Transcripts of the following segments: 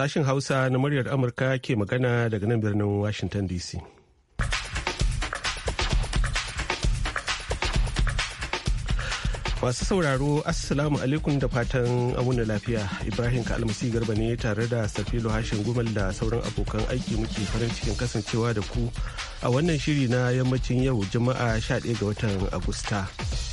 sashen Hausa na muryar Amurka ke magana daga nan birnin Washington DC. Masu sauraro Assalamu alaikum da fatan amuna lafiya Ibrahim Kalmasi Garba ne tare da Safilo Hashin Gumal da sauran abokan aiki muke farin cikin kasancewa da ku a wannan shiri na yammacin yau Juma'a 11 ga watan Agusta.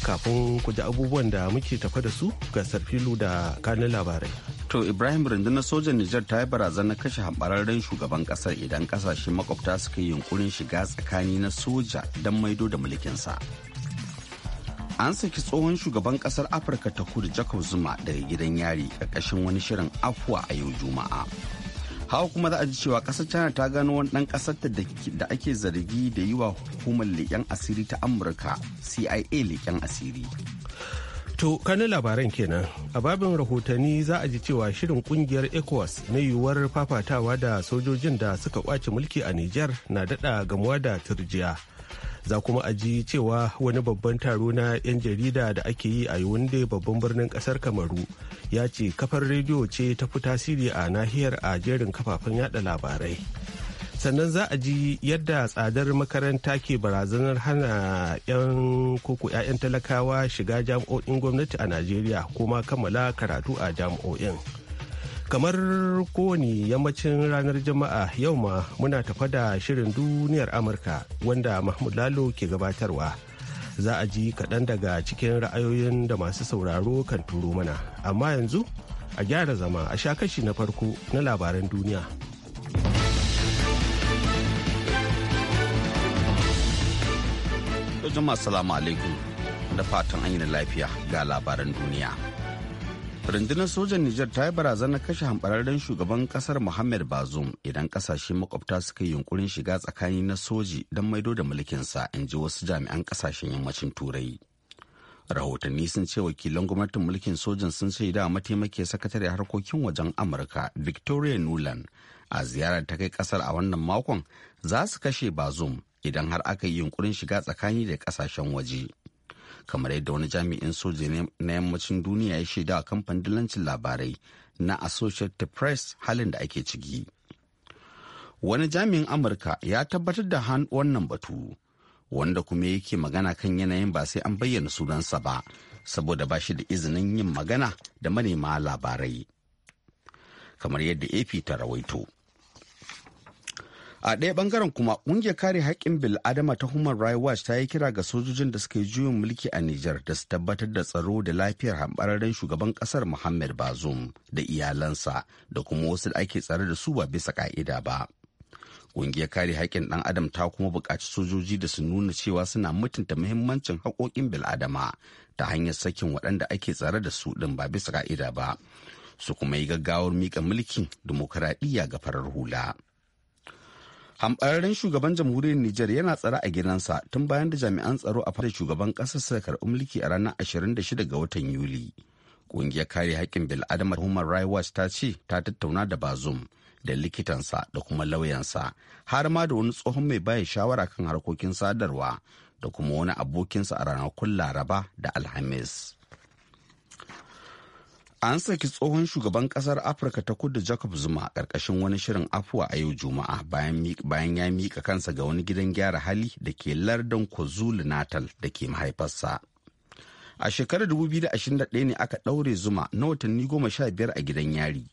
Kafin ku ji abubuwan da muke tafa da su ga Safilo da kanin labarai. To Ibrahim rundunar sojan Nijar ta yi barazanar kashe hambararren shugaban kasar idan kasashe makwabta suka yi yunkurin shiga tsakani na soja don maido da mulkinsa. An saki tsohon shugaban kasar Afirka ta kudu Jacob Zuma daga gidan yari karkashin wani shirin afuwa a yau Juma'a. Hawa kuma za a ji cewa ƙasar China ta gano wani ɗan ƙasar da ake zargi da yi wa hukumar leƙen asiri ta Amurka CIA leƙen asiri. To kanin labaran kenan a babin rahotanni za a ji cewa shirin kungiyar ECOWAS na yiwuwar fafatawa da sojojin da suka kwace mulki a Nijar na dada gamuwa da turjiya. Za kuma a ji cewa wani babban taro na 'yan jarida da ake yi a wanda babban birnin kasar Kamaru ya ce kafar rediyo ce ta fi tasiri a nahiyar a jerin kafafen yada labarai. sannan za a ji yadda tsadar makaranta ke barazanar hana 'yan koko 'ya'yan talakawa shiga jami'o'in gwamnati a najeriya kuma kammala karatu a jami'o'in kamar kowane yammacin ranar jama'a yau ma muna tafa da shirin duniyar amurka wanda mahmud lalo ke gabatarwa za a ji kaɗan daga cikin ra'ayoyin da masu sauraro kan turo mana amma yanzu a gyara zama a sha kashi na farko na labaran duniya. To jama'a assalamu alaikum da fatan an yi lafiya ga labaran duniya. Rundunar sojan Nijar ta yi barazanar kashe hambararren shugaban kasar Muhammad Bazoum idan kasashe makwabta suka yi yunkurin shiga tsakani na soji don maido da mulkinsa in ji wasu jami'an kasashen yammacin Turai. Rahotanni sun ce wakilan gwamnatin mulkin sojan sun ce da mataimake sakatare harkokin wajen Amurka Victoria Nuland a ziyarar ta kai kasar a wannan makon za su kashe Bazoum idan har aka yi yunkurin shiga tsakani da kasashen waje kamar yadda wani jami'in soja na yammacin duniya ya shaida a kamfanin dillancin labarai na associated press halin da ake ciki wani jami'in amurka ya tabbatar da wannan batu wanda kuma yake magana kan yanayin ba sai an bayyana sunansa ba saboda ba shi da izinin yin magana da manema labarai kamar yadda ap ta rawaito a ɗaya bangaren kuma ƙungiyar kare haƙƙin bil'adama ta human rights watch ta yi kira ga sojojin da suka yi juyin mulki a nijar da su tabbatar da tsaro da lafiyar hambararren shugaban ƙasar muhammad bazoum da iyalansa da kuma wasu da ake tsare da su ba bisa ƙa'ida ba ƙungiyar kare haƙƙin ɗan adam ta kuma buƙaci sojoji da su nuna cewa suna mutunta muhimmancin haƙoƙin bil'adama ta hanyar sakin waɗanda ake tsare da su ɗin ba bisa ƙa'ida ba su kuma yi gaggawar miƙa mulkin dimokuraɗiyya ga farar hula. hamɓararren shugaban jamhuriyar Nijar yana tsara a gidansa tun bayan da jami'an tsaro a fadar shugaban ƙasar suka karɓi mulki a ranar 26 ga watan Yuli. Ƙungiyar kare haƙƙin bil'adama Human Rights Watch ta ce ta tattauna da Bazum da likitansa da kuma lauyansa har ma da wani tsohon mai baya shawara kan harkokin sadarwa da kuma wani abokinsa a ranakun Laraba da Alhamis. An saki tsohon shugaban kasar Afirka ta kudu Jacob Zuma ƙarƙashin wani shirin afuwa a yau Juma'a bayan ya mika kansa ga wani gidan gyara hali da ke lardin Kwazulu Natal da ke mahaifarsa. A shekarar 2021 ne aka ɗaure Zuma na watanni goma sha biyar a gidan yari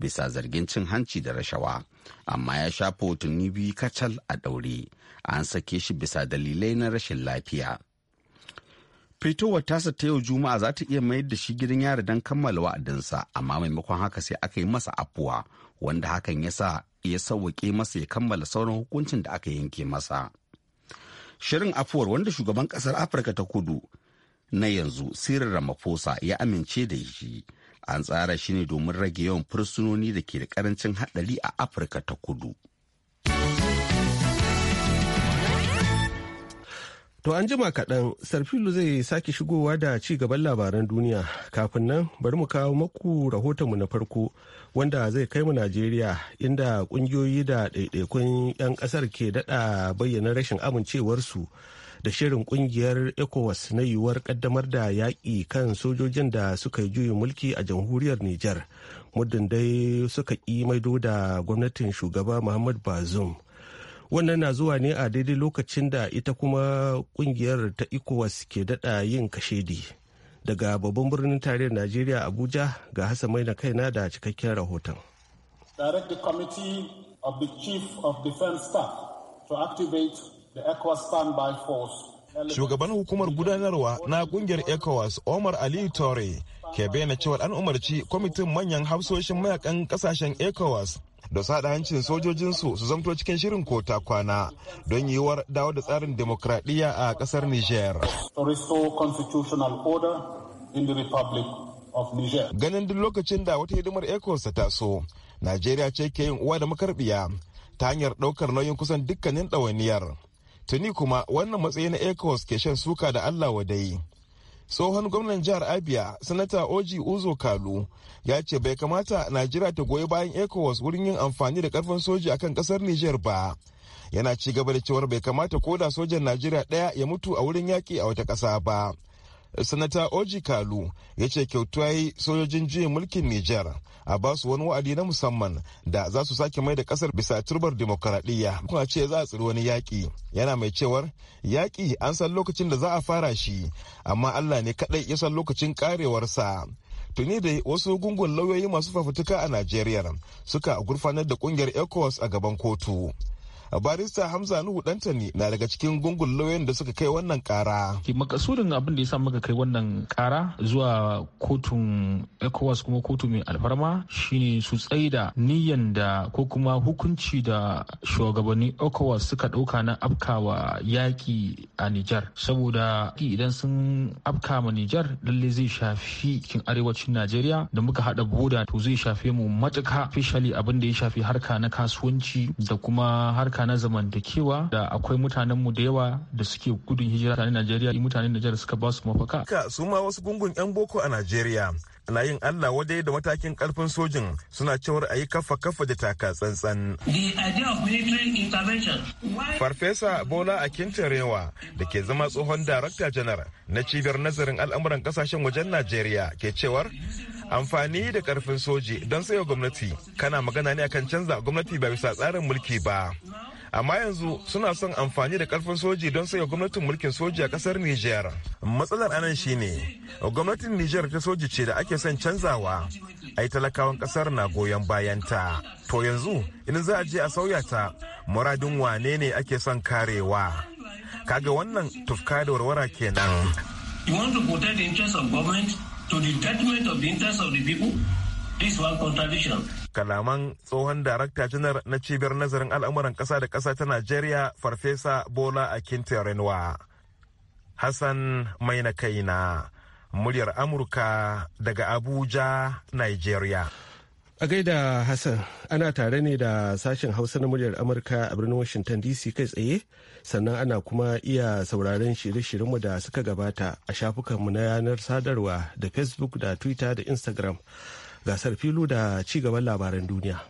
bisa zargin cin hanci da rashawa, amma ya shafa watanni biyu kacal a ɗaure. An sake shi bisa dalilai na rashin lafiya. fitowar tasa ta yau juma'a za ta iya mayar da shi gidan yari don kammala wa'adinsa amma maimakon haka sai aka yi masa afuwa wanda hakan ya sa ya sauwaƙe masa ya kammala sauran hukuncin da aka yanke masa shirin afuwar wanda shugaban ƙasar afirka ta kudu na yanzu sirrin ramaphosa ya amince da shi an tsara shi ne domin rage yawan fursunoni da ke da ƙarancin haɗari a afirka ta kudu. To an jima kaɗan, Sarfilu zai sake shigowa da ci gaban labaran duniya. Kafin nan bari mu kawo maku rahotonmu na farko wanda zai kai mu Najeriya inda ƙungiyoyi da ɗaiɗaikun 'yan ƙasar ke daɗa bayyana rashin amincewarsu da shirin ƙungiyar ECOWAS na yiwuwar ƙaddamar da yaƙi kan sojojin da suka yi juyin mulki a jamhuriyar Nijar. Muddin dai suka ƙi maido da gwamnatin shugaba Muhammad Bazoum. wannan na zuwa ne a daidai lokacin da ita kuma kungiyar ta ecowas ke dada yin kashedi daga babban birnin tarayyar najeriya abuja ga hasa na kaina da cikakken rahoton direct the committee of the chief the ecowas standby force shugaban hukumar gudanarwa na kungiyar ecowas omar ali tore ke bayyana cewa an umarci kwamitin manyan hafsoshin mayakan kasashen ecowas da sada hancin sojojinsu su zamto cikin shirin kota kwana don yiwuwar dawo da tsarin demokradiyya a ƙasar Niger. Ganin duk lokacin da wata hidimar ECOWAS ta so Najeriya ce ke yin uwa da makarbiya ta hanyar ɗaukar nauyin kusan dukkanin ɗawainiyar. Tuni kuma wannan matsayi na ECOWAS ke shan suka da Allah wadai. tsohon gwamnan jihar abia sanata oji uzo kalu ya ce bai kamata najeriya ta goyi bayan ecowas wurin yin amfani da karfin soji akan kasar niger ba yana ci gaba da cewar bai kamata ko da sojan najeriya ɗaya ya mutu a wurin yaki a wata kasa ba sanata oji kalu ya ce kyautu sojojin juyin mulkin niger a ba su wani wa'adi na musamman da za su sake mai da kasar bisa turbar demokaradiyya kuma ce za a tsiri wani yaƙi yana mai cewar yaƙi an san lokacin da za a fara shi amma allah ne kaɗai ya san lokacin karewarsa tuni da wasu gungun lauyoyi masu fafutuka a najeriya suka gurfanar da kungiyar ecowas a gaban kotu barista hamza nuhu dantani na daga cikin gungun lauyoyin da suka kai wannan kara makasudin abin da ya sa muka kai wannan kara zuwa kotun ecowas kuma kotu mai alfarma shine su tsaida niyan da ko kuma hukunci da shugabannin ecowas suka dauka na afkawa yaki a nijar saboda idan sun afka ma nijar lalle zai shafi cikin arewacin najeriya da muka hada boda to zai shafe mu matuka fishali abin da ya shafi harka na kasuwanci da kuma harka ayyuka na zamantakewa da akwai mutanen mu da yawa da suke gudun hijira a Najeriya mutanen Najeriya suka ba su mafaka. Ka su ma wasu gungun 'yan boko a Najeriya ana yin Allah wadai da matakin karfin sojin suna cewar a yi kafa kafa da taka tsantsan. Farfesa Bola Akintarewa da ke zama tsohon darakta janar na cibiyar nazarin al'amuran kasashen wajen Najeriya ke cewar amfani da karfin soji don sayo gwamnati kana magana ne akan canza gwamnati ba bisa tsarin mulki ba amma yanzu suna son amfani da karfin soji don sayo gwamnatin mulkin soji a kasar niger matsalar anan shine gwamnatin niger ta soji ce da ake son canzawa ai talakawan kasar na goyon bayanta to yanzu in za a je a sauya ta muradin wane ne ake son karewa kaga wannan tufka da warwara kenan you want to protect the interest of government to the detriment of the interests of the people this one contradiction kalaman tsohon darakta janar na cibiyar nazarin al'amuran ƙasa da ƙasa ta najeriya farfesa bola akinta renwa hassan mai kaina muryar amurka daga abuja nigeria A gaida Hassan ana tare ne da sashen Hausa na muryar Amurka a birnin Washington DC kai tsaye sannan ana kuma iya sauraron shirye-shiryenmu da suka gabata a shafukanmu na yanar sadarwa da Facebook da Twitter da Instagram gasar filu da ci gaban labaran duniya.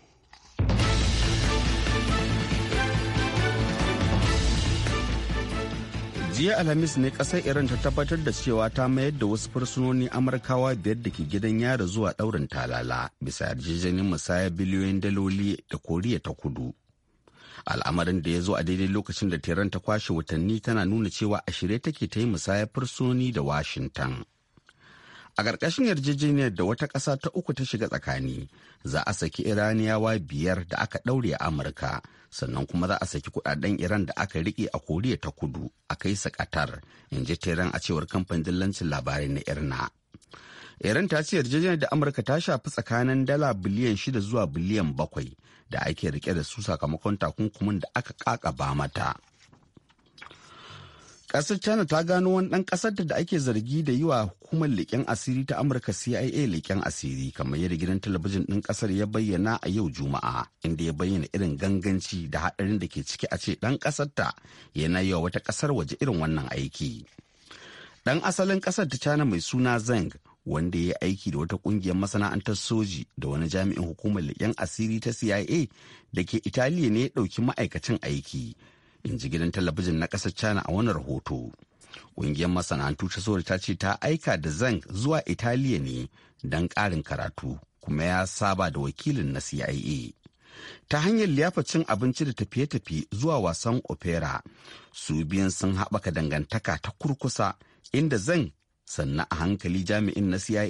jiya alhamis ne kasar iran ta tabbatar da cewa ta mayar da wasu fursunonin amurkawa biyar da ke gidan yara zuwa daurin talala bisa yarjejeniyar musaya biliyoyin daloli da koriya ta kudu al'amarin da ya zo a daidai lokacin da tehran ta kwashe watanni tana nuna cewa a take ta yi musaya fursunoni da washington a ƙarƙashin yarjejeniyar da wata ƙasa ta uku ta shiga tsakani za a saki iraniyawa biyar da aka ɗaure a amurka sannan kuma za a saki kudaden iran da aka rike a koriya ta kudu a kai su qatar in ji teran a cewar kamfanin dillancin labarai na irna iran ta ce yarjejeniyar da amurka ta shafi tsakanin dala biliyan shida zuwa biliyan bakwai da ake rike da su sakamakon takunkumin da aka kakaba mata kasar China ta gano wani ɗan ƙasar da ake zargi da yi wa hukumar leƙen asiri ta Amurka CIA leƙen asiri kamar yadda gidan talabijin ɗin ƙasar ya bayyana a yau Juma'a inda ya bayyana irin ganganci da haɗarin da ke ciki a ce ɗan ƙasar ta yana yi wa wata ƙasar waje irin wannan aiki. Ɗan asalin ƙasar ta China mai suna Zeng wanda ya yi aiki da wata ƙungiyar masana'antar soji da wani jami'in hukumar leƙen asiri ta cia da ke italiya ne ya ɗauki ma'aikacin aiki in ji gidan talabijin na ƙasar china a wani rahoto ƙungiyar masana'antu ta sori ta ce ta aika da zan zuwa italiya ne don ƙarin karatu kuma ya saba da wakilin na cia ta hanyar liyafa cin abinci da tafiye-tafiye zuwa wasan opera su biyan sun haɓaka dangantaka ta kurkusa inda zan sannan a hankali jami'in na cia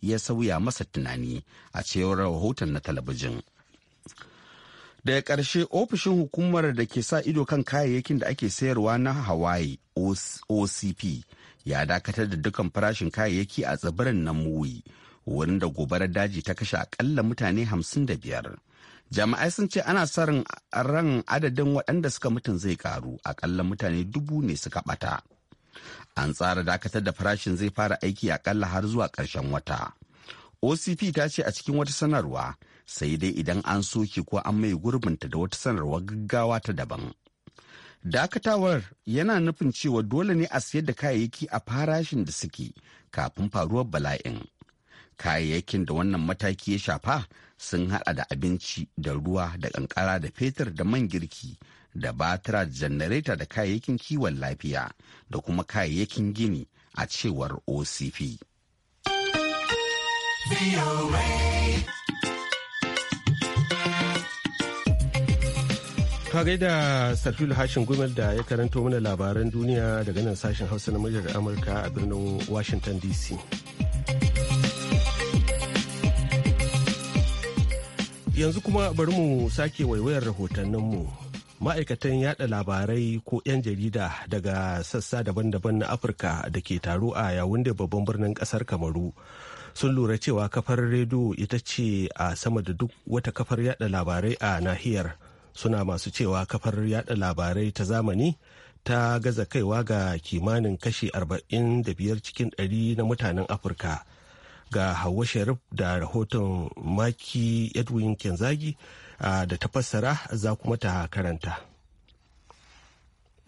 ya sauya masa tunani a cewar rahoton na talabijin daga ƙarshe ofishin hukumar da ke sa ido kan kayayyakin da ake sayarwa na hawaii ocp ya dakatar da dukan farashin kayayyaki a tsibirin na muwi wurin da gobarar daji ta kashe akalla mutane 55 Jama'ai sun ce ana sa ran adadin waɗanda suka mutum zai karu akalla mutane dubu ne suka bata an tsara dakatar da farashin zai fara aiki akalla har zuwa ƙarshen wata ocp ta ce a cikin wata sanarwa sai dai idan an soke ko an mai gurbinta da wata sanarwar gaggawa ta daban. Dakatawar yana nufin cewa dole ne a sayar da kayayyaki a farashin da suke kafin faruwar bala'in. Kayayyakin da wannan mataki ya shafa sun haɗa da abinci da ruwa da ƙanƙara da fetur da man girki da batira da janareta da kayayyakin kiwon lafiya da kuma kayayyakin gini a cewar OCP. Ka gaida Sarfil Hashin Gumel da ya karanto mana labaran duniya daga nan sashen Hausa na muryar Amurka a birnin Washington DC. Yanzu kuma bari mu sake waiwayar mu Ma'aikatan yada labarai ko 'yan jarida daga sassa daban-daban na Afirka da ke taro a yawun da babban birnin kasar Kamaru. sun lura cewa kafar rediyo ita ce a sama da duk wata kafar yada labarai a nahiyar suna masu cewa kafar yada labarai ta zamani ta gaza kaiwa ga kimanin kashi 45 cikin 100 na mutanen afirka ga hawa sharif da rahoton maki edwin kenzagi da ta fassara za kuma ta karanta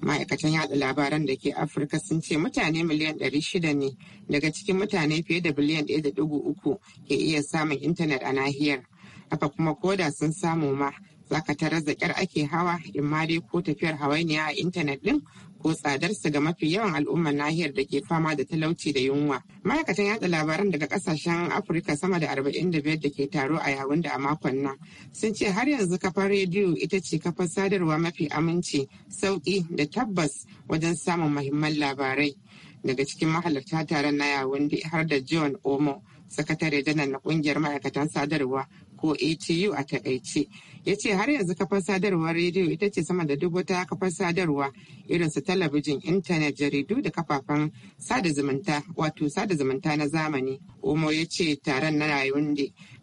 ma'aikatan yada labaran da ke afirka sun ce mutane miliyan 600 ne daga cikin mutane fiye da biliyan 1.3 ke iya samun intanet a nahiyar haka kuma koda sun samu ma zaka tarar da kyar ake hawa in ma dai ko tafiyar hawainiya a intanet din ko tsadarsa ga mafi yawan al'ummar nahiyar da ke fama da talauci da yunwa. Ma'aikatan yada labaran daga kasashen Afirka sama da 45 da ke taro a yawun da a makon nan sun ce har yanzu kafar rediyo ita ce kafar sadarwa mafi aminci, sauki da tabbas wajen samun mahimman labarai. Daga cikin mahalarta taron na yawun har da John Omo, sakatare janar na ƙungiyar ma'aikatan sadarwa ko ATU a takaice. ya ce har yanzu kafar sadarwar rediyo ita ce sama da duk wata kafar sadarwa irin su talabijin intanet jaridu da kafafen sada zumunta wato sada zumunta na zamani omo ya ce taron na rayuwar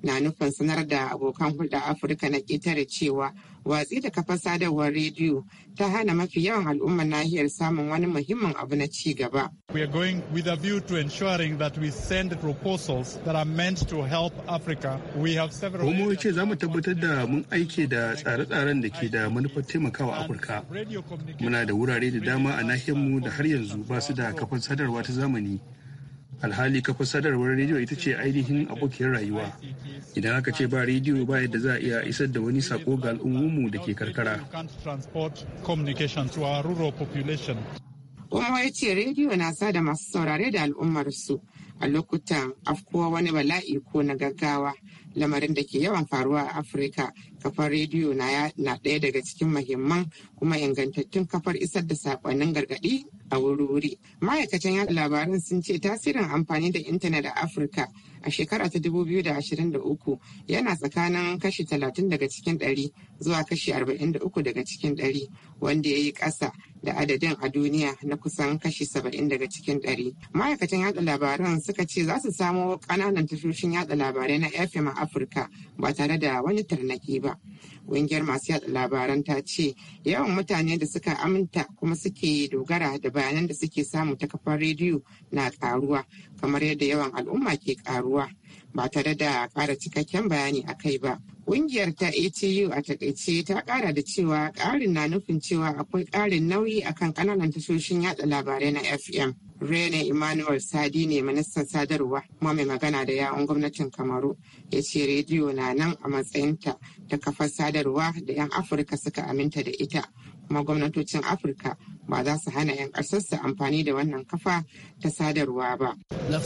na nufin sanar da abokan hulɗa afirka na ƙetare cewa watsi da kafar sadarwar rediyo ta hana mafi yawan al'ummar nahiyar samun wani muhimmin abu na ci gaba. We are going with a view to ensuring that we send proposals that are meant to help Africa. We have several... Kuma ce za mu tabbatar da mun aike da tsare-tsaren da ke da manufar taimakawa Afirka. Muna da wurare da dama a nahiyar mu da har yanzu ba su da kafar sadarwa ta zamani. alhali kafa sadarwar rediyo ita ce ainihin abokiyar rayuwa idan aka ce ba rediyo ba yadda za a iya isar da wani sako ga al'ummu da ke karkara kuma ya ce rediyo na sa da masu saurare da al'ummarsu a lokutan afkuwa wani bala'i ko na gaggawa lamarin da ke yawan faruwa a afirka kafar rediyo na ɗaya daga cikin mahimman kuma ingantattun kafar isar da sakonnin gargadi. a wuri-wuri. Ma'aikatan yada labaran sun ce tasirin amfani da intanet a Afirka a shekara ta 2023 yana tsakanin kashi 30 daga cikin 100 zuwa kashi 43 daga cikin 100 wanda ya yi ƙasa da adadin a duniya na kusan kashi 70 daga cikin 100. Ma'aikatan yada labaran suka ce za su samo ƙananan tashoshin yada labarai na FM a Afirka ba tare da wani tarnaki ba. Ƙungiyar masu yada labaran ta ce yawan mutane da suka aminta kuma suke dogara da bayanan da suke samu ta kafar rediyo na karuwa kamar yadda yawan al'umma ke karuwa ba tare da ƙara cikakken bayani a kai ba. Ƙungiyar ta ATU a takaice ta ƙara da cewa ƙarin na nufin cewa akwai ƙarin nauyi akan ƙananan tashoshin yatsa labarai na FM. Rene Emmanuel Sadi ne ministan sadarwa kuma mai magana da yawon gwamnatin Kamaru ya ce rediyo na nan a matsayinta ta kafar sadarwa da 'yan Afirka suka aminta da ita kuma gwamnatocin Afirka ba za su hana 'yan ƙasar su amfani da wannan kafa ta sadarwa ba. Euh,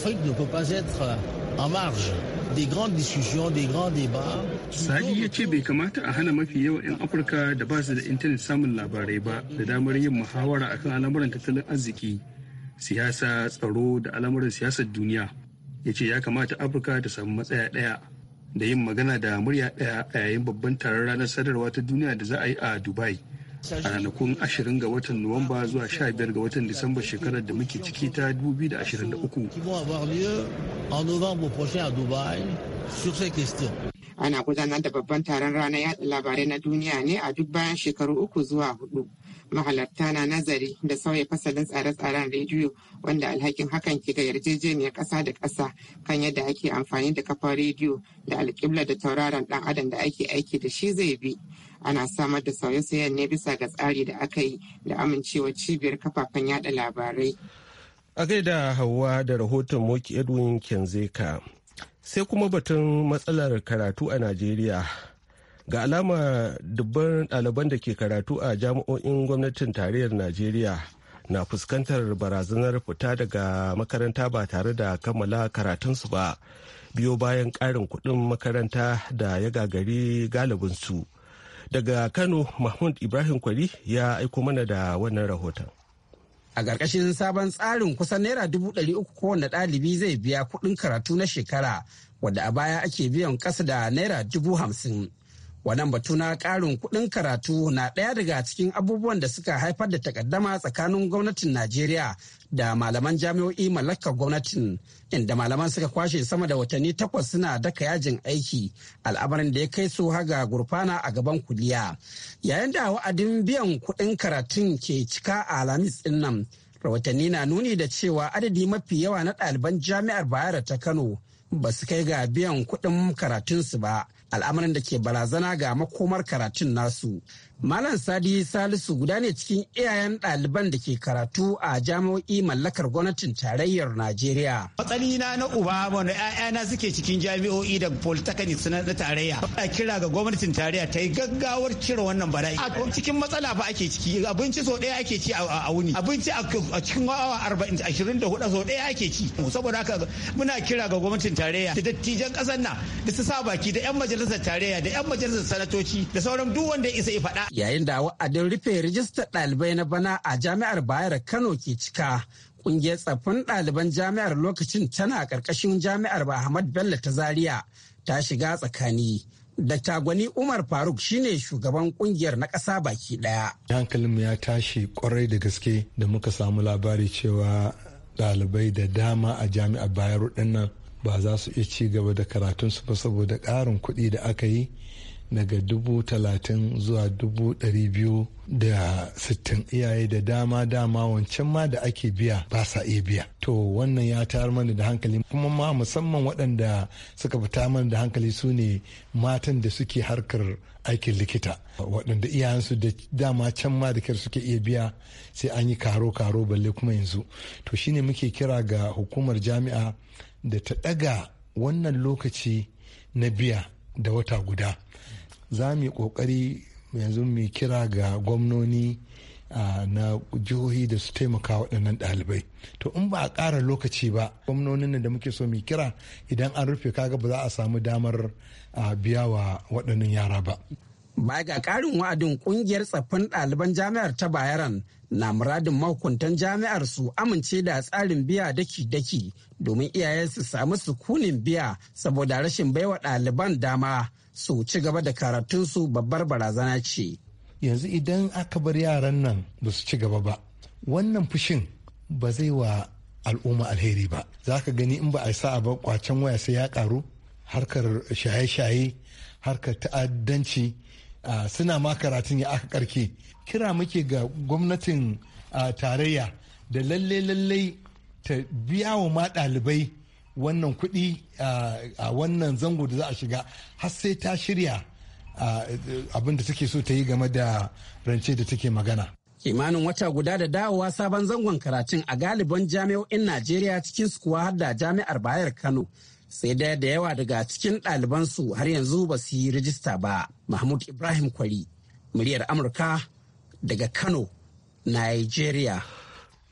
Sadi ya ce bai kamata a hana mafi yawa 'yan Afirka da ba su da intanet samun labarai ba da damar yin muhawara akan al'amuran tattalin arziki, siyasa, tsaro da al'amuran siyasar duniya. Ya ce ya kamata Afirka ta samu matsaya ɗaya da yin magana da murya ɗaya a yayin babban taron ranar sadarwa ta duniya da za a yi a Dubai. a ranakun 20 ga watan Nuwamba zuwa 15 ga watan Disamba shekarar da muke ciki ta 2023. Ana gudanar da babban taron ranar yaɗa labarai na duniya ne a duk bayan shekaru uku zuwa hudu. Mahalarta na nazari da sauya fasalin tsare-tsaren rediyo wanda alhakin hakan ke ga yarjejeniyar ƙasa da ƙasa kan yadda ake amfani da kafar rediyo da alƙibla da tauraron ɗan adam da ake aiki da shi zai bi. ana samar da sauye-sauyen ne bisa ga tsari da aka yi da amincewa cibiyar kafafen yada labarai. A gaida hawa da rahoton Moki Edwin Kenzeka. Sai kuma batun matsalar karatu a Najeriya. Ga alama dubban ɗaliban da ke karatu a jami'o'in gwamnatin tarayyar Najeriya na fuskantar barazanar fita daga makaranta ba tare da kammala karatunsu ba biyo bayan ƙarin kuɗin makaranta da ya gagari galibinsu. daga kano mahmud ibrahim kwari ya aiko mana da wannan rahoton a ƙarƙashin sabon tsarin kusan naira dubu ɗari uku kowane ɗalibi zai biya kuɗin karatu na shekara wadda a baya ake biyan ƙasa da naira dubu hamsin Wannan batu na ƙarin kuɗin karatu na ɗaya daga cikin abubuwan da suka haifar da takaddama tsakanin gwamnatin Najeriya da malaman jami'o'i mallakar gwamnatin inda malaman suka kwashe sama da watanni takwas suna daka yajin aiki al'amarin da ya kai su haga gurfana a gaban kuliya. Yayin da wa'adin biyan kuɗin karatun ke cika a Alhamis din nan, rahotanni na nuni da cewa adadi mafi yawa na ɗaliban jami'ar Bayero ta Kano ba su kai ga biyan kuɗin karatunsu ba. al'amarin da ke barazana ga makomar karatun nasu Malam Sadi Salisu guda ne cikin iyayen ɗaliban da ke karatu a jami'o'i mallakar gwamnatin tarayyar Najeriya. Matsalina na uba wanda 'ya'yana suke cikin jami'o'i da polytechnics na tarayya. Ba kira ga gwamnatin tarayya ta yi gaggawar cire wannan bala'i. A cikin matsala ba ake ciki abinci so ɗaya ake ci a wuni abinci a cikin awa arba'in ashirin da hudu so ɗaya ake ci. Saboda haka muna kira ga gwamnatin tarayya da dattijan ƙasar nan da su sa baki da 'yan majalisar tarayya da 'yan majalisar sanatoci da sauran duk wanda ya isa ya faɗa yayin da wa'adin rufe rijistar ɗalibai na bana a jami'ar bayar kano ke cika ƙungiyar tsaffin ɗaliban jami'ar lokacin tana ƙarƙashin jami'ar Ahmad Bello ta Zaria ta shiga tsakani. dakta Gwani Umar Faruk shine shugaban kungiyar na ƙasa baki ɗaya. Hankalinmu ya tashi kwarai da gaske da muka samu labari cewa ɗalibai da dama a jami'ar Bayero ɗinnan ba za su iya ci gaba da karatunsu ba saboda ƙarin kuɗi da aka yi daga dubu talatin zuwa dubu dari biyu da sittin iyaye da dama dama wancan ma da ake biya ba sa iya biya to wannan ya tayar mana da hankali kuma ma musamman waɗanda suka fita mana da hankali su ne matan da suke harkar aikin likita waɗanda iyayensu da dama can ma da kyar suke iya biya sai an yi karo karo balle kuma yanzu to shine muke kira ga hukumar jami'a da ta ɗaga wannan lokaci na biya da wata guda za mu yi ƙoƙari yanzu mu kira ga gwamnoni na jihohi da su taimaka waɗannan ɗalibai to in ba a ƙara lokaci ba gwamnonin da muke so mu kira idan an rufe kaga ba za a samu damar biya wa waɗannan yara ba baya ga ƙarin wa'adin ƙungiyar tsaffin ɗaliban jami'ar ta bayaran na muradin mahukuntan jami'ar su amince da tsarin biya daki-daki domin iyaye su samu sukunin biya saboda rashin baiwa ɗaliban dama su ci gaba da karatunsu babbar barazana ce. Yanzu idan aka bar yaran nan ba su ci gaba ba, wannan fushin ba zai wa al'umma alheri ba. Za ka gani in ba a sa ba kwacen waya sai ya karu, harkar shaye-shaye, harkar ta'addanci, suna ma karatun ya aka karke. Kira muke ga gwamnatin tarayya da lalle-lalle ta biya wa ma ɗalibai wannan kuɗi a wannan zango da za a shiga har sai ta shirya abinda da take so ta yi game da rance da take magana. kimanin wata guda da dawowa sabon zangon karatun a galiban jami'o'in najeriya cikin su kuwa har da jami'ar bayar kano sai dai da yawa daga cikin ɗalibansu har yanzu ba su yi rijista ba mahmud ibrahim kwari muryar amurka daga kano Najeriya.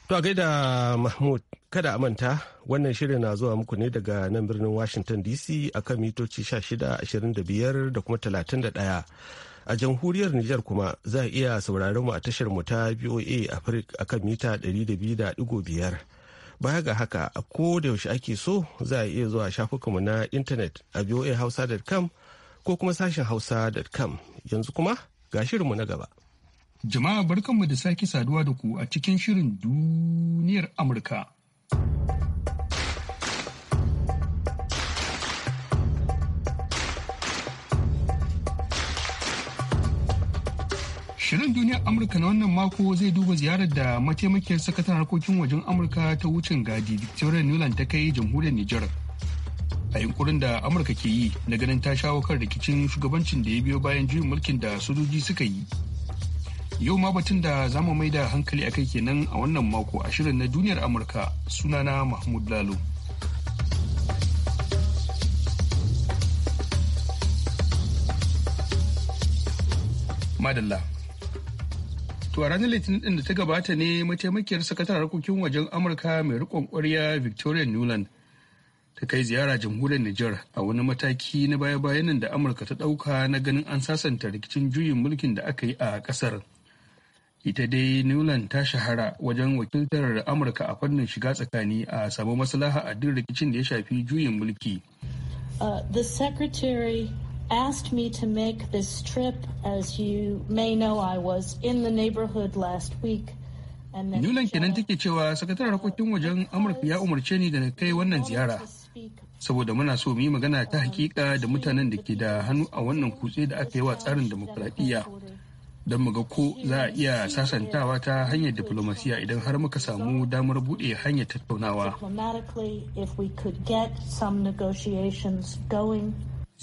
to gaida mahmud kada a manta Wannan shirin na zuwa muku ne daga nan birnin Washington DC akan mitoci 1625 da kuma 31. A jamhuriyar Nijar kuma za a iya sauraron mu a tashar mu ta BOA Africa kan mita 200.5. Baya ga haka a da yaushe ake so za a iya zuwa shafukanmu na intanet a boahausa.com ko kuma sashen hausa.com yanzu kuma ga shirinmu na gaba. Jama'a barkanmu da sake saduwa da ku a cikin shirin duniyar Amurka. Shirin duniyar Amurka na wannan mako zai duba ziyarar da mataimakiyar sakataren harkokin wajen Amurka ta wucin gadi Victoria Nuland ta kai jamhuriyar Nijar. A yunkurin da Amurka ke yi na ganin ta shawo kan rikicin shugabancin da ya biyo bayan juyin mulkin da sojoji suka yi. Yau ma batun da za mu mai da hankali a kai kenan a wannan mako a shirin na duniyar Amurka sunana Mahmud Lalo. Madalla. To a ranar Litinin din da ta gabata ne mataimakiyar sakatar harkokin wajen Amurka mai rikon ƙwarya Victoria Newland ta kai ziyara jamhuriyar Nijar a wani mataki na baya-bayan da Amurka ta ɗauka na ganin an sasanta rikicin juyin mulkin da aka yi a ƙasar. Ita dai Newland ta shahara wajen wakiltar Amurka a fannin shiga tsakani a samu maslaha a duk rikicin da ya shafi juyin mulki. Uh, the secretary asked me to make this trip. As you may know, I was in the neighborhood last week. Nulan kenan take cewa sakataren harkokin wajen Amurka ya umarce ni da na kai wannan ziyara. Saboda muna so mu yi magana ta hakika da mutanen da ke da hannu a wannan kutse da aka yi wa tsarin demokuraɗiyya. Don mu ga ko za a iya sasantawa ta hanyar diplomasiya idan har muka samu damar buɗe hanyar tattaunawa.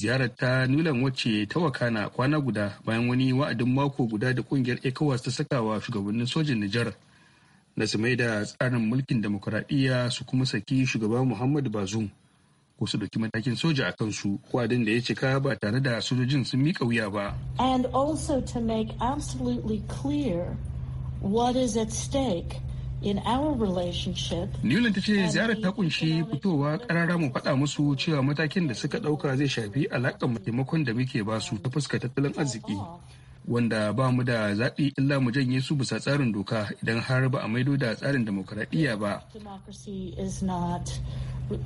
ziyarar ta nulan wacce ta wakana kwana guda bayan wani wa'adin mako guda da kungiyar ecowas ta sakawa shugabannin sojin nijar na su mai da tsarin mulkin demokuraɗiyya su kuma saki shugaban muhammad bazum ko su ɗauki matakin soja a kansu kwadin da ya cika ba tare da sojojin sun miƙa wuya ba. And also to make absolutely clear what is at stake Newland ta ce um, ziyarar ta kunshi fitowa karara mu faɗa musu cewa matakin da suka ɗauka zai shafi alaƙar taimakon da muke ba su ta fuska tattalin arziki. Wanda ba mu da zaɓi illa mu janye su bisa tsarin doka idan har ba a maido da tsarin demokuraɗiyya ba.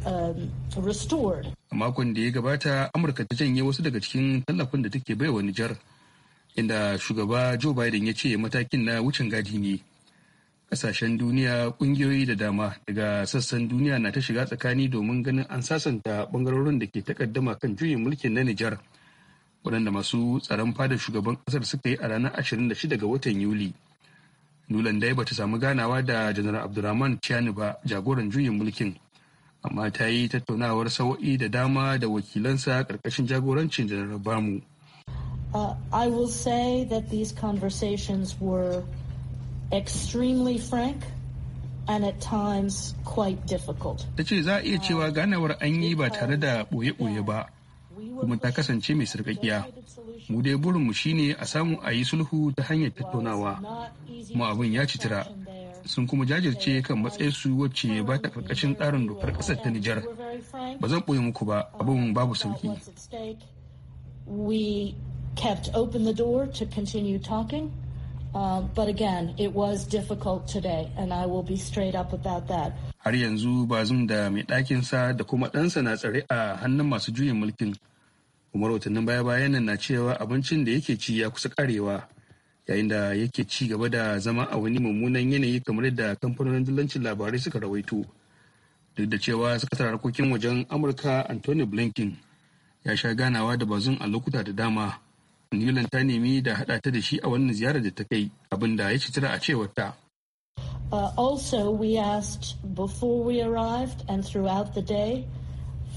Um, a makon da ya gabata, Amurka ta janye wasu daga cikin tallafin da take baiwa Nijar, inda shugaba Joe Biden ya ce matakin na wucin gadi ne. kasashen duniya kungiyoyi da dama daga sassan duniya na ta shiga tsakani domin ganin an sasanta ɓangarorin da ke takaddama kan juyin mulkin na Nijar. Waɗanda masu tsaron fadar shugaban ƙasar suka yi a ranar 26 ga watan Yuli. Nulan dai bata samu ganawa da Janar Abdulrahman Tiani ba jagoran juyin mulkin. Amma ta yi tattaunawar sawa'i da dama da wakilansa ƙarƙashin jagorancin Janar Bamu. Uh, I will say that these conversations were extremely frank and at times quite difficult. Ta ce za a iya cewa ganawar an yi ba tare da ɓoye-ɓoye ba, kuma ta kasance mai sarƙaƙiya. Mu dai burinmu shine a samu a yi sulhu ta hanyar tattaunawa, kuma abin ya citira. Sun kuma jajirce kan matsayinsu wacce ba ta ƙarƙashin tsarin dokar ƙasar ta Nijar. Ba zan ɓoye muku ba, abin babu sauƙi. We kept open the door to continue talking. Um, but again, it was difficult today, and I will be straight up about that. Har yanzu bazum da mai ɗakinsa da kuma ɗansa na tsare a hannun masu juyin mulkin. Kuma rahotannin baya-bayan nan na cewa abincin da yake ci ya kusa karewa yayin da yake ci gaba da zama a wani mummunan yanayi kamar yadda kamfanonin dillancin labarai suka rawaito. Duk da cewa sakataren harkokin wajen Amurka Anthony Blinken ya sha ganawa da bazun a lokuta da dama. Newland ta nemi da haɗa ta da shi a wannan ziyarar da ta kai abin da ya citira a cewar ta. Uh, also, we asked before we arrived and throughout the day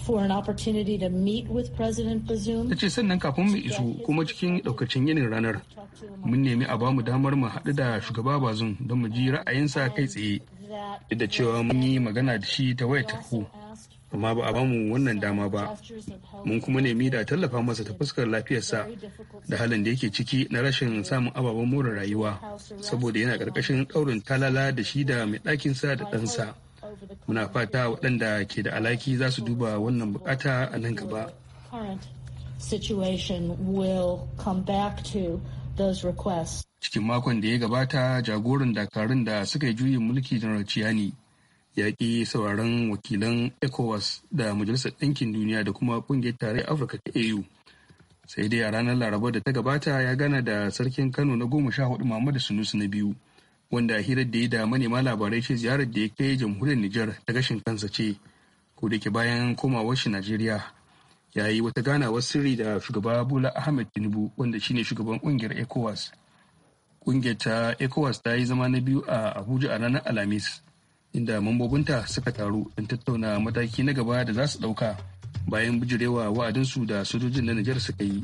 for an opportunity to meet with President Bazoum. Ta ce sannan kafin mu iso kuma cikin ɗaukacin yinin ranar mun nemi a bamu damar mu haɗu da shugaba Bazoum don mu ji ra'ayinsa kai tsaye. da cewa mun yi magana da shi ta ta ku amma ba a bamu wannan dama ba mun kuma nemi da tallafa masa ta fuskar lafiyarsa da halin da yake ciki na rashin samun ababen more rayuwa saboda yana ƙarƙashin ɗaurin talala da shi da mai sa da ɗansa muna fata waɗanda ke da alaki za su duba wannan bukata a nan gaba cikin makon da ya gabata jagoran dakarun da suka yi juyin mulki janar ciyani ya sauraron wakilan ecowas da majalisar ɗinkin duniya da kuma ƙungiyar tarayyar afirka ta au sai dai a ranar laraba da ta gabata ya gana da sarkin kano na goma sha hudu muhammadu sunusu na biyu wanda a hirar da ya da manema labarai ce ziyarar da ya kai jamhuriyar nijar ta gashin kansa ce ko da ke bayan komawar shi najeriya ya yi wata ganawar sirri da shugaba bola ahmed tinubu wanda shine shugaban kungiyar ecowas ƙungiyarta ta ecowas ta yi zama na biyu a abuja a ranar alhamis inda mambobinta suka taru don tattauna mataki na gaba da za su ɗauka bayan bijirewa wa'adinsu da sojojin na Nijar suka yi.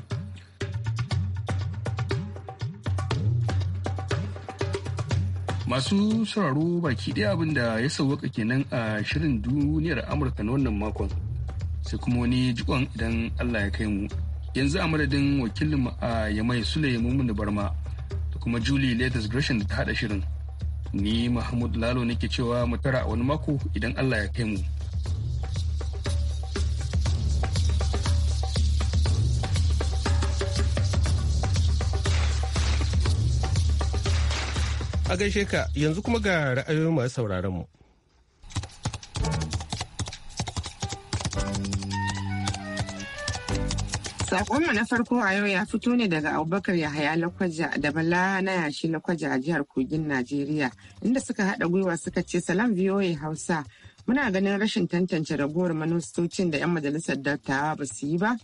Masu sauraro baki ɗaya abin da ya sauwaka kenan a shirin duniyar Amurka na wannan makon. Sai kuma wani jikon idan Allah ya kai mu. Yanzu a madadin wakilinmu a Yamai Sule Barma da kuma Julie Letters Gresham da ta haɗa shirin. Ni Mahmud Lalo nake cewa mu tara a wani mako idan Allah ya kai mu. A gaishe ka yanzu kuma ga ra'ayoyin masu sauraron mu. Sakonmu na farko a yau ya fito ne daga Abubakar Yahaya Lakwaja da Bala na yashi Lakwaja a jihar Kogin Najeriya inda suka haɗa gwiwa suka ce salam VOA Hausa muna ganin rashin tantance ragowar manustocin da 'yan majalisar dattawa ba su yi ba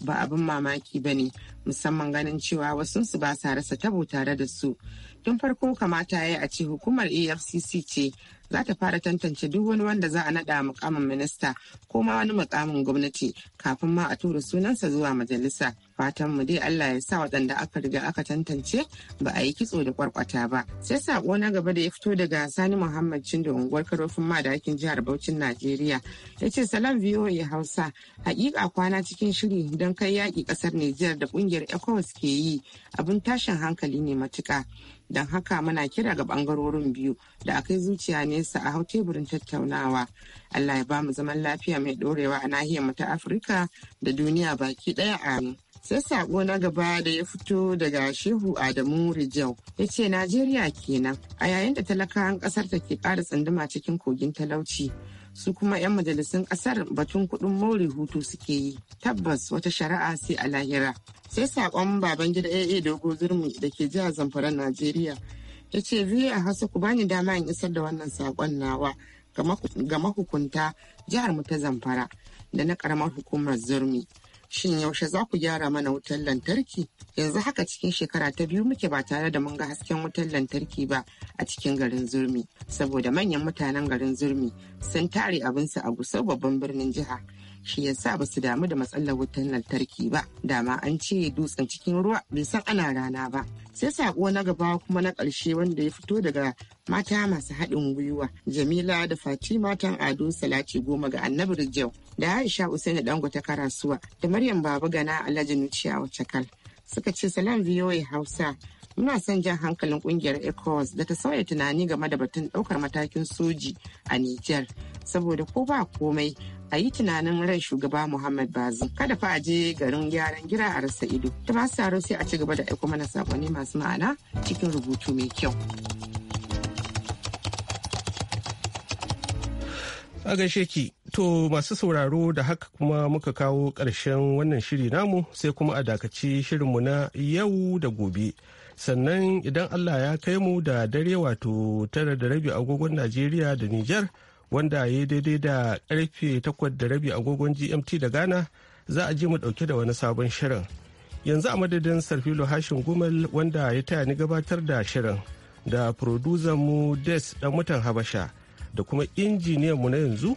ba abin mamaki ba ne musamman ganin cewa wasunsu ba sa rasa tabo tare da su tun farko kamata ya yi a ce hukumar efcc ce za ta fara tantance duk wani wanda za a naɗa mukamin minista ko ma wani mukamin gwamnati kafin ma a tura sunansa zuwa majalisa fatan mu dai Allah ya sa waɗanda aka riga aka tantance ba a yi kitso da kwarkwata ba sai sako na gaba da ya fito daga Sani Muhammad Chindo unguwar Karofin Madakin jihar Bauchin Najeriya ya ce salam VOA Hausa hakika kwana cikin shiri don kai yaƙi ƙasar Nijar da ƙungiyar ECOWAS ke yi abin tashin hankali ne matuƙa. don haka muna kira ga bangarorin biyu da akai zuciya nesa a hau teburin tattaunawa Allah ya ba mu zaman lafiya mai ɗorewa a nahiyar mu ta Afirka da duniya baki ɗaya amin sai sako na gaba da ya fito daga shehu adamu rijau ya ce najeriya kenan a yayin da talakawan kasar ta ke ƙara tsanduma cikin kogin talauci su kuma 'yan majalisun kasar batun kudin more hutu suke yi tabbas wata shari'a sai a lahira sai sakon baban gida AA dogo zurmi da ke jihar zamfara najeriya ya ce biyu a hausa ku bani dama in isar da wannan sakon nawa ga mahukunta jihar mu ta zamfara da na karamar hukumar zurmi Shin yaushe za ku gyara mana wutar lantarki? Yanzu haka cikin shekara ta biyu muke ba tare da mun ga hasken wutar lantarki ba a cikin garin Zurmi, saboda manyan mutanen garin Zurmi sun tare abinsu a gusar babban birnin jiha. shi yasa ba su damu da matsalar wutar lantarki ba dama an ce dutsen cikin ruwa bai san ana rana ba sai sako na gaba kuma na ƙarshe wanda ya fito daga mata masu haɗin gwiwa jamila da fatima tan ado salati goma ga annabi rijau da aisha usaini dangote karasuwa da maryam baba gana alhaji nuciya wacce kal suka ce salam voa hausa Ina son jan hankalin kungiyar ECOWAS da ta sauya tunani game da batun daukar matakin soji a niger Saboda ko ba komai a yi tunanin ran shugaba Muhammad bazin Kada fa a je garin gyaran gira a rasa ido. Ta ba su sai a ci gaba da aiko mana sakonni masu ma'ana cikin rubutu mai kyau. a gaishe ki to masu sauraro da haka kuma muka kawo ƙarshen wannan shiri namu sai kuma a dakaci shirinmu na yau da gobe sannan idan allah ya kai mu da dare wato tara da rabi agogon najeriya da Nijar wanda ya yi daidai da karfe takwas da rabi agogon gmt da ghana za a ji mu dauke da wani sabon shirin yanzu a madadin sarfilo hashin gumal wanda ya taya ni gabatar da shirin da producer mu des dan mutan habasha da kuma injiniyan mu na yanzu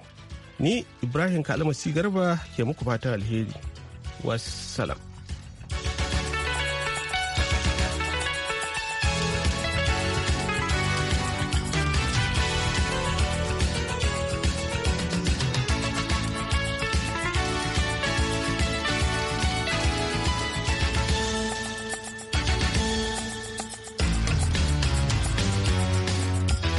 ni ibrahim kalmasi garba ke muku fatan alheri wassalam